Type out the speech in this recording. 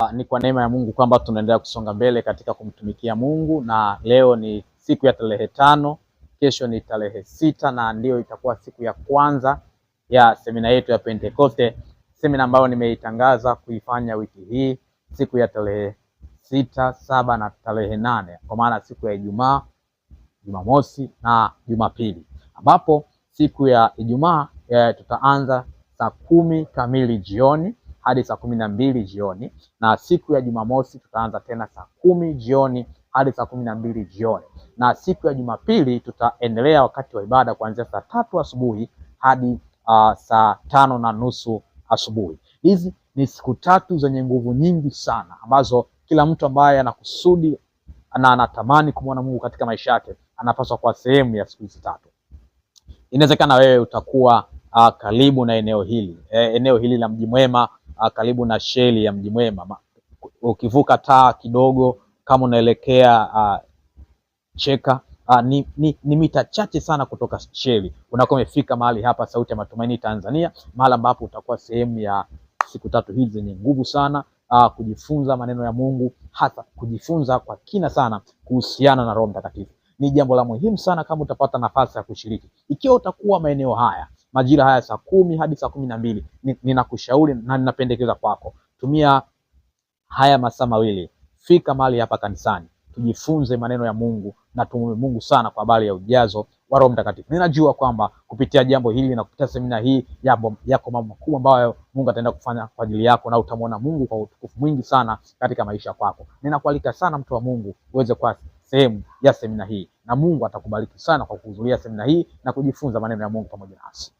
Ah, ni kwa neema ya Mungu kwamba tunaendelea kusonga mbele katika kumtumikia Mungu, na leo ni siku ya tarehe tano, kesho ni tarehe sita, na ndiyo itakuwa siku ya kwanza ya semina yetu ya Pentekoste, semina ambayo nimeitangaza kuifanya wiki hii siku ya tarehe sita, saba na tarehe nane, kwa maana siku ya Ijumaa, Jumamosi na Jumapili, ambapo siku ya Ijumaa eh, tutaanza saa kumi kamili jioni hadi saa kumi na mbili jioni na siku ya Jumamosi tutaanza tena saa kumi jioni hadi saa kumi na mbili jioni na siku ya Jumapili tutaendelea wakati wa ibada kuanzia saa tatu asubuhi hadi uh, saa tano na nusu asubuhi. Hizi ni siku tatu zenye nguvu nyingi sana ambazo kila mtu ambaye anakusudi na anatamani kumwona Mungu katika maisha yake anapaswa kuwa sehemu ya siku hizi tatu. Inawezekana wewe utakuwa uh, karibu na eneo hili e, eneo hili la Mji Mwema karibu na sheli ya Mji Mwema. Ukivuka taa kidogo kama unaelekea uh, Cheka uh, ni, ni, ni mita chache sana kutoka sheli unako umefika mahali hapa Sauti ya Matumaini Tanzania, mahali ambapo utakuwa sehemu ya siku tatu hizi zenye nguvu sana uh, kujifunza maneno ya Mungu, hasa kujifunza kwa kina sana kuhusiana na Roho Mtakatifu. Ni jambo la muhimu sana kama utapata nafasi ya kushiriki. Ikiwa utakuwa maeneo haya majira haya saa kumi hadi saa kumi na mbili ninakushauri na ninapendekeza kwako, tumia haya masaa mawili, fika mahali hapa kanisani, tujifunze maneno ya Mungu na tumwombe Mungu sana kwa habari ya ujazo wa Roho Mtakatifu. Ninajua kwamba kupitia jambo hili na kupitia semina hii yako mambo makubwa ambayo Mungu ataenda kufanya kwa ajili yako na utamwona Mungu kwa utukufu mwingi sana katika maisha kwako. Ninakualika sana mtu wa Mungu uweze kuwa sehemu ya semina hii, na Mungu atakubariki sana kwa kuhudhuria semina hii na kujifunza maneno ya Mungu pamoja nasi.